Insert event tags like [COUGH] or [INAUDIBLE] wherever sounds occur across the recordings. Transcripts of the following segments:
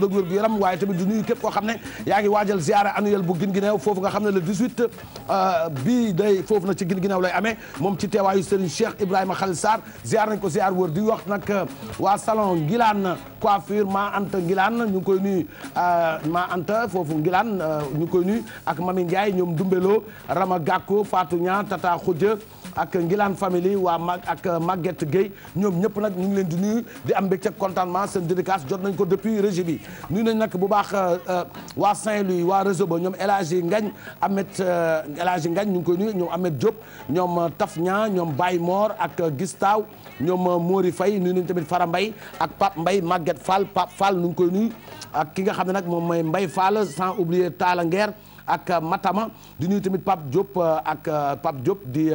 ànd ak wér gu yaram waaye tamit di nuyu képp koo xam ne yaa ngi waajal ziara annuel bu gin gineew foofu nga xam ne le 18 euh, bi day foofu na ci gin gineew lay amee moom ci teewaayu Serigne Cheikh Ibrahima Khalil Sarr ziar nañ ko ziar wër di wax nag euh, waa salon Ngilane coiffure ma Anta Ngilane ñu ngi koy nuyu euh, ma Anta foofu Ngilane ñu ngi koy nuyu ak Mami Ndiaye ñoom Dumbelo Rama Gakko faatu Niang Tata Khoudia ak Ngilane famille waa mag ak Maguette Gueye ñoom ñëpp nag ñu ngi leen di nuyu di am mbégte contentement seen dédicace jot nañ ko depuis régie bi nuyu nañ nag bu baax euh, euh, waa Saint-Louis waa réseau ba ñoom El Hadji Ngagne Ahmed euh, El Hadji Ngagne ñu ngi koy nuyu ñoom Ahmed Diop ñoom Taf Ñaa ñoom Baye moor ak Gistaw ñoom Mori Faye nuyu nañ tamit Fara mbay ak Pape mbay Maguette Fall Pape Fall ñu ngi koy nuyu ak ki nga xam ne nag moom mooy Mbaye Fall sans oublier Talla Nguer ak Matama di nuyu tamit Pape Diop ak Pape Diop di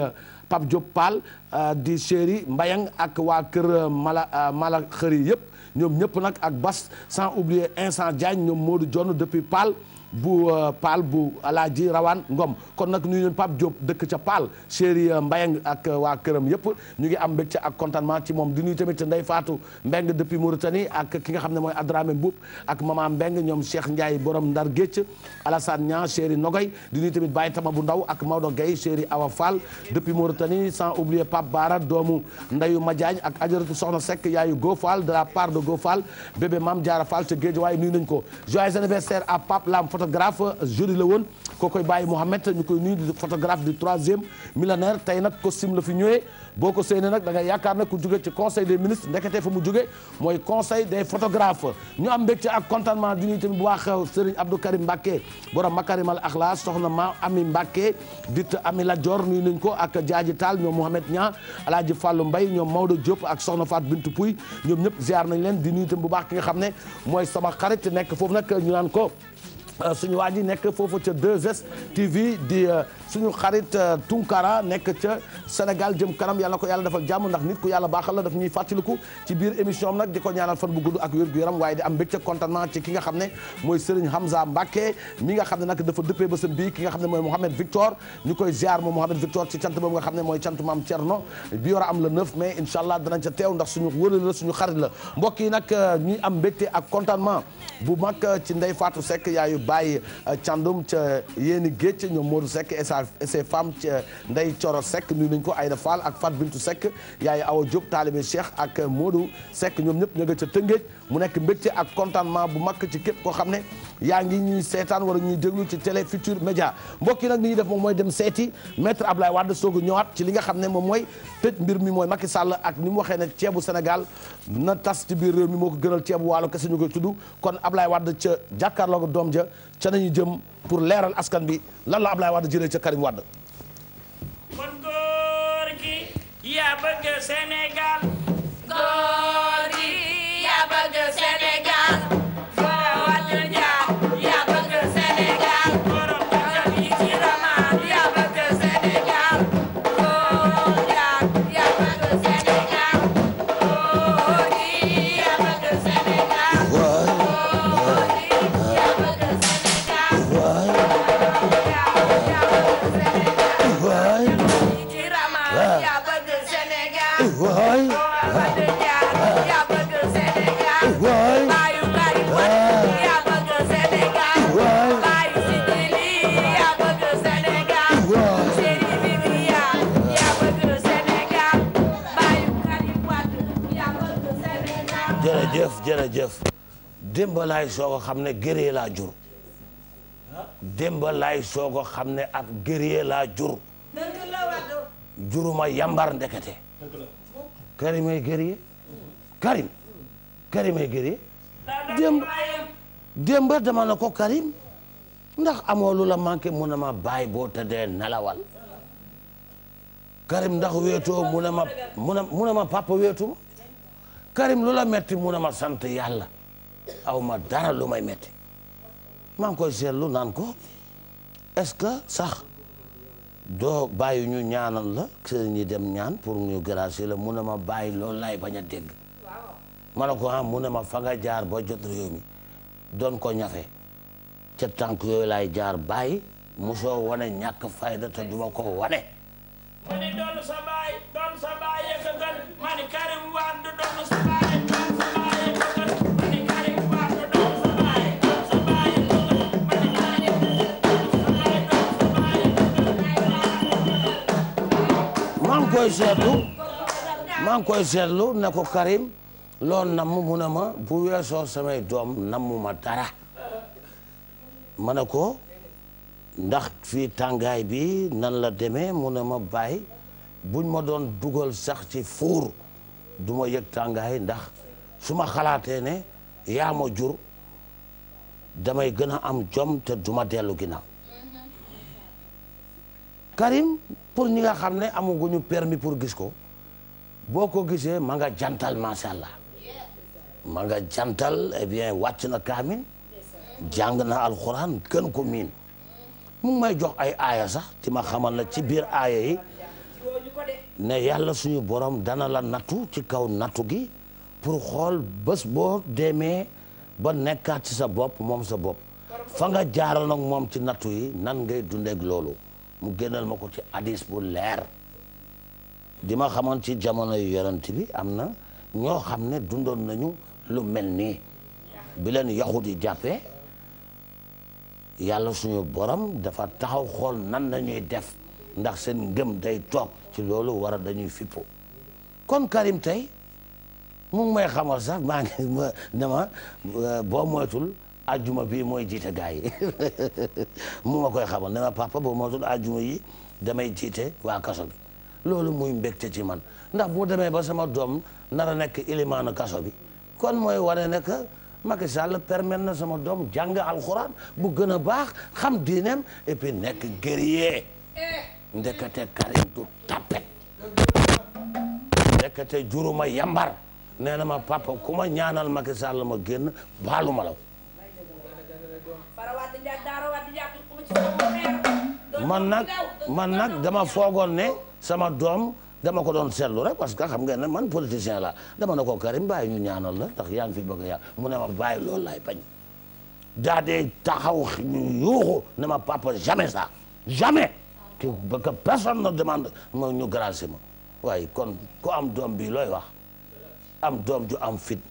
Pape Diop Paal euh, di Chéri Mbayang ak waa kër euh, Mala euh, Mala xëri yëpp ñoom ñëpp nag ak Bas sans oublier Instant Diagne ñoom Modou Dione depuis Paal. bu euh, Paal bu Alaaji Rawaan Ngom kon nag nuyu leen Pape Diop dëkk ca Paal chéri euh, Mbayang ak euh, waa këram yëpp ñu ngi am mbégte ak contentement ci moom di nuyu tamit nday Fatou Mbeng depuis Mauritanie ak ki nga xam ne mooy Adramé Mbuub ak Mama Mbeng ñoom Cheikh Ndiaye borom Ndar Gécc Alassane Niang chéri Nogoy di nuyu tamit Baye Tama bu ndaw ak Maodo Gueye chéri Awa Fall depuis Mauritanie sans oublier Pape Bara doomu Ndayu Madiagne ak Ajaratu Soxna Seck yaayu Go Fall de la part de Go Fall bébé Mame nañ ko photographe jury la woon koo koy bàyyi Mouhamed ñu koy nuyu di photographe du troisième millénaire tey nag costume la fi ñëwee boo ko séenee nag da yaakaar nag ku jóge ci conseil des ministres ndeketee fa mu jóge mooy conseil des photographes ñu am mbégte ak contentement di nuyu tamit bu baax euh, Serigne Abdou Karim Mbacké borom Makarimal Akhlaq soxna ma Ami Mbacké dit Ami la Dior nuyu nañ ko ak Jaaji Tall ñoom Mouhamed Niang Alaaji Fallou mbay ñoom Maodo Diop ak soxna Faat Bintou Pouy ñoom ñëpp ziar na leen di nuyu tamit bu baax ki nga xam ne mooy sama xarit nekk foofu nag ñu naan ko Euh, suñu waa ji nekk foofu ca 2S TV di euh, suñu xarit euh, Tunkara nekk ca Sénégal jëm kanam yàlla ko yàlla defal jàmm ndax nit ku yàlla baaxal la def ñuy fàttaliku ci biir émission am nag di ko ñaanal fan bu gudd ak wér gu yaram waaye di am mbégte contentement ci ki nga xam ne mooy Serigne Hamza Mbacké mi nga xam ne nag dafa dëppee bésam bii ki nga xam ne mooy Mohamed Victor ñu koy ziar moom Mohamed Victor ci cant boobu nga xam ne mooy cant maam Thierno bi war a am le 9 mai incha danañ la suñu xarit nag euh, ñuy am mbégte ak contentement bu mag euh, ci Ndeye Fatou Seck yaayu Baye Thiandoum ca yéeni géej ñoom Modou Seck sa ses femmes euh, Ndeye Coro Seck nuyu nañ ko Aïda Fall ak Fat Bintou Seck yaay Awa Diop taalibe Cheikh ak Modou sekk ñoom ñëpp ña nga ca Tëngéej mu nekk mbégte ak contentement bu mag ci képp koo xam ne yaa ngi ñuy seetaan wala ñuy déglu ci Télé Futurs Médias mbokk nag ni ñu def moom mooy dem seeti maître Ablaye Wade soog a ñëwaat ci li nga xam ne moom mooy tëj mbir mi mooy Macky sàll ak ni mu waxee ne ceebu Sénégal na tas ci biir réew mi moo ko gënal ceebu waalo kese ñu koy tudd kon Ablaye Wade ca jàkkaarloo doom ja ca nañu jëm pour leeral askan bi lan la Ablaye Wade jëlee ca Karim Wade. man góor gi yaa bëgg Sénégal jërëjëf démb laay xam ne gëree laa jur démb laay xam ne ab gëree laa jur juruma yambar ndekete karimay gëree karim karimay gëree démb démb dama na ko karim ndax amoo lu la manqué mu ne ma bàyyi boo tëddee nalawal karim ndax wéetoo mu ne ma mu ne ma papa wéetu Karim lu la metti mu ne ma sant yàlla aw ma dara lu may metti maa ngi koy seetlu naan ko est-ce que sax doo bàyyi ñu ñaanal la sëriñ ñi dem ñaan pour ñu gracier la mu ne ma bàyyi loolu laay bañ a dégg ma ne ko ah mu ne ma fa jaar ba jot réew mi doon ko ñafe ca tànk yooyu lay jaar bàyyi mosoo wane ñàkk fayda te duma ko wane mu ngi koy seetlu maa koy seetlu ne ko Karim loo namm mu ne ma bu weesoo samay doom nammuma dara ma ne ko ndax fii tàngaay bi nan la demee mu ne ma bàyyi buñ ma doon dugal sax ci fuur duma ma yëg tàngaay ndax su ma xalaatee ne yaa ma jur damay gën a am jom te du ma dellu ginnaaw Karim pour ñi nga xam ne amuguñu permis pour gis ko boo ko gisee ma nga jantal macha allah ma nga jantal eh bien wàcc na kaamil jàng na alxuraan gën ko miin mu may jox ay aaya sax ti ma xamal na ci biir aaya yi ne yàlla suñu borom dana la nattu ci kaw nattu gi pour xool bés boo demee ba nekkaat ci sa bopp moom sa bopp fa nga jaaral nag moom ci nattu yi nan ngay dundeeg loolu mu génnal ma ko ci hadis bu leer di ma xamoon ci jamono yu yonent bi am na ñoo xam ne dundoon nañu lu mel nii bi leen yahud yi jàppee yàlla suñu borom dafa taxaw xool nan la ñuy def ndax seen ngëm day toog ci loolu war a dañuy fippo kon Karim tey mu may xamal sax maa ngi ma ne ma euh, boo moytul ajjuma bii mooy jiite gars yi [LAUGHS] mu ma koy xamal ne ma papa boo moytul ajjuma yi damay jiite waa kaso bi loolu muy mbégte ci man ndax bu demee ba sama doom nar a nekk ilimaanu kaso bi kon mooy wane ne Macky Sall permettre na sama doom jàng alxuraan bu gën a baax xam diineem et puis nekk guerrier eh. ndekete Karim du tapet ndekete juruma yambar nee na ma papa ku ma ñaanal Macky Sall ma génn baalu ma law man nag dama foogoon ne sama doom dama ko doon seetlu rek parce que xam ngeen ne man politicien la dama ne ko Karim bàyyi ñu ñaanal la ndax yaa ngi fi bëgg a yaa ne ma bàyyi loolu laay bañ daa dee taxaw yuuxu ne ma papa jamais ça jamais que que personne ne demande ma ñu gracier ma waaye kon ko am doom bii looy wax am doom ju am fit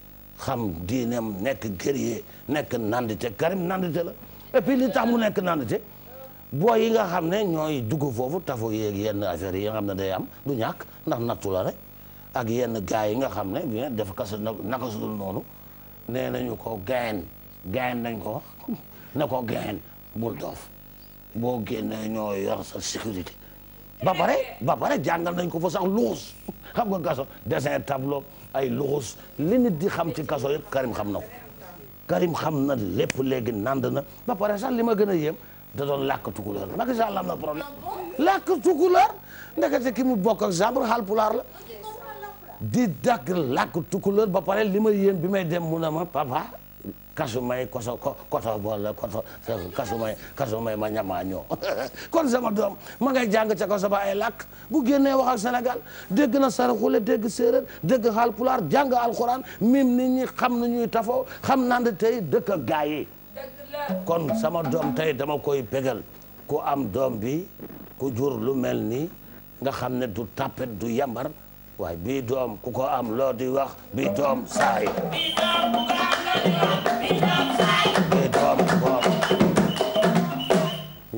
xam diineem nekk guerrier nekk nandite Karim nandite la et puis li tax mu nekk nandite boo yi nga xam ne ñooy dugg foofu tafu yeeg yenn affaires yi nga xam ne day am du ñàkk ndax nattu la rek ak yenn gars yi nga xam ne bien dafa kasa naka sudul noonu nee nañu ko gayen gayen nañ ko wax [LAUGHS] ne ko gayen bul doof boo génnee ñoo yor sa sécurité ba pare ba pare jàngal nañ ko fa sax luxus [LAUGHS] xam nga kaso dessin tableau ay luxus li nit di xam ci kaso yëpp Karim xam na ko Karim xam na lépp léegi nand na ba pare sax li ma gën a yem da doon làkk tukulóor Macky Sall am na ah mu bokk ak chambre Haalpulaar la di dagg làkk tukulóor ba pare li ma yéem bi may dem mu ne ma papa kasu may koso koto boole koto kasu ma ñamaa ñoo [LAUGHS] kon sama doom ma ngay jàng ca ko saba ay làkk bu génnee wax Sénégal dégg na saraxule dégg séeréer dégg Haalpulaar jàng alxuraan mim nit ñi xam na ñuy tafoo xam naan tey dëkk ak gaa kon sama doom tey dama koy pegal ku am doom bi ku jur lu mel ni nga xam ne du tapet du yambar waaye bii doom ku ko am loo di wax bi doom saay bii doom ko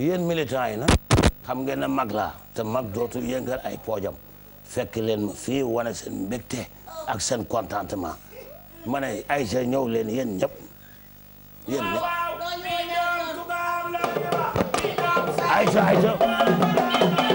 yéen militant yi na xam ngeen ne mag laa te mag dootul yëngal ay poojam fekk leen ma fii wane seen mbégte ak seen contentement mane ay sa ñëw leen yéen ñëpp ñëpp ayca ayca